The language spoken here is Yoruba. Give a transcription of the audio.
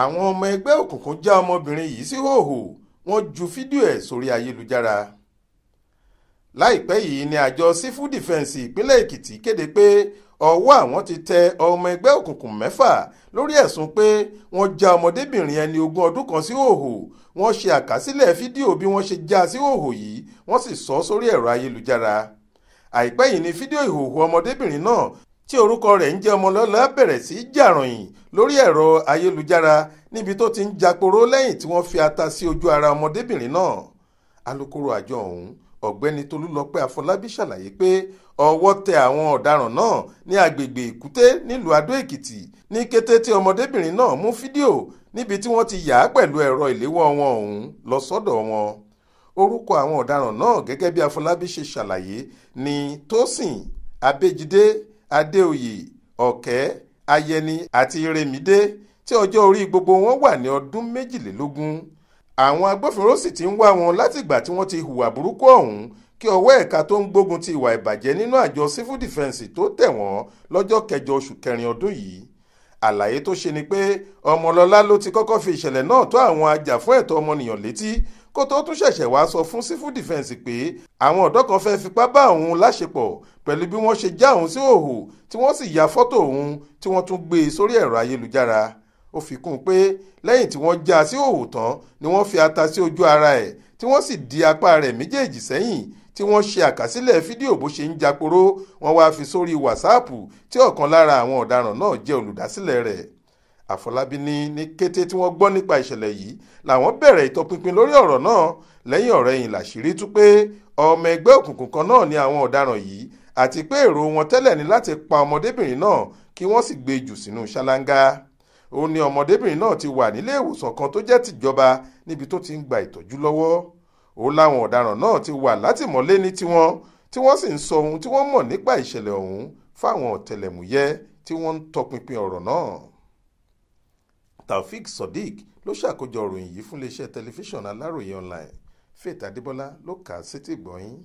àwọn ọmọ ẹgbẹ́ òkùnkùn já ọmọbìnrin yìí sí hòhò wọ́n ju fídíò ẹ̀ sórí ayélujára láìpẹ́ yìí ni àjọ sífù dìfẹ́ǹsì ìpínlẹ̀ èkìtì kéde pé ọwọ́ àwọn ti tẹ ọmọ ẹgbẹ́ òkùnkùn mẹ́fà lórí ẹ̀sùn pé wọ́n já ọmọdébìnrin ẹni ogún ọdún kan sí hòhò wọ́n ṣe àkásílẹ̀ fídíò bí wọ́n ṣe já sí hòhò yìí wọ́n sì sọ sórí ẹ̀rọ ayélujára àìpẹ́ yìí ni fídíò ìhòhò ọmọdébìnrin náà tí orúkọ rẹ̀ ń jẹ́ ọmọlọ́lá bẹ̀rẹ̀ sí í jàròyìn lórí ẹ̀rọ ayélujára níbi tó ti ń japoró lẹ́yìn tí wọ́n fi ata sí ojú ara ọmọdébìnrin náà alukoro àjọ ọ̀hún ọ̀gbẹ́ni tolúlọpẹ́ afọlábí ṣàlàyé pé ọwọ́ tẹ àwọn ọ̀daràn náà ní agbègbè èkúté nílùú adó èkìtì ní kété tí ọmọdébìnrin náà mú fídíò níbi tí wọ́n ti yà á pẹ̀lú ẹ̀rọ ìléwọ́ wọn ọ̀hún lọ sọ́dọ̀ wọn orúkọ àwọn ọ̀daràn náà gẹ́gẹ́ bí afọlábí ṣe ṣàlàyé ni tósìn abéjídé adéoyè ọ̀kẹ́ ayẹni àti remide tí ọjọ́ orí gbogbo wọn wà ní ọdún méjìlélógún àwọn agbófinró sì ti ń wá wọn látìgbà tí wọ́n ti hùwà burúkú ọ̀hún kí ọwọ́ ẹ̀ka tó ń gbógun ti ìwà ìbàjẹ́ nínú àjọ civil defence tó tẹ̀ wọ́n lọ́jọ́ kẹjọ oṣù kẹrin ọdún yìí àlàyé tó ṣe ni pé ọmọlọ́lá ló ti kọ́kọ́ fi ìṣẹ̀lẹ̀ náà tó àwọn ajàfún ẹ̀tọ́ ọmọnìyàn létí kó tó tún ṣẹ̀ṣẹ̀ wá sọ fún sífù dìfẹ́ǹsì pé àwọn ọ̀dọ́ kan fẹ́ẹ́ fipá bá òun láṣepọ̀ pẹ̀lú bí wọ́n ṣe já òun sí òhò tí wọ́n sì ya fọ́tò òun tí wọ́n tún gbé e sórí ẹ̀rọ ayélujára ó fi kún un pé lẹ́yìn tí wọ́n já sí òhò tán ni wọ́n fi ata sí ojú ara ẹ̀ tí wọ́n sì di apá rẹ̀ méjèèjì sẹ́yìn tí wọ́n ṣe àkásílẹ̀ fídíò bó ṣe ń japoró wọ́n wá fi sórí wàsáàpù tí ọ̀kan lára àwọn ọ̀daràn náà jẹ́ olùdásílẹ̀ rẹ̀ àfọlábí ní ní kété tí wọ́n gbọ́ nípa ìṣẹ̀lẹ̀ yìí làwọn bẹ̀rẹ̀ ìtọpinpin lórí ọ̀rọ̀ náà lẹ́yìn ọ̀rẹ̀yìn làṣírí tú pé ọmọ ẹgbẹ́ òkùnkùn kan náà ni àwọn ọ̀daràn yìí àti pé èrò wọn tẹ́lẹ̀ ní láti pa ọmọdébìnrin náà kí wọ́n sì gbé jù sínú ṣáláńgá ó ní ọmọdébìnrin náà ti wà nílé ìwòsàn kan tó jẹ́ tìjọba níbi tó ti ń gba ìtọ́jú lọ́wọ́ ó láwọn ọ̀daràn náà ti wà látìmọ́lé ní tiwọn tí wọ́n sì ń sọ ohun tí wọ́n mọ̀ nípa ìṣẹ̀lẹ̀ ọ̀hún fáwọn ọ̀tẹlẹ̀múyẹ́ tí wọ́n ń tọpinpin ọ̀rọ̀ náà taofeek Sodiq ló ṣàkójọ ìròyìn yìí fún iléeṣẹ́ tẹlifíṣàn aláròye online faith adébọlá ló kà á sétígbọ̀ọ́ yín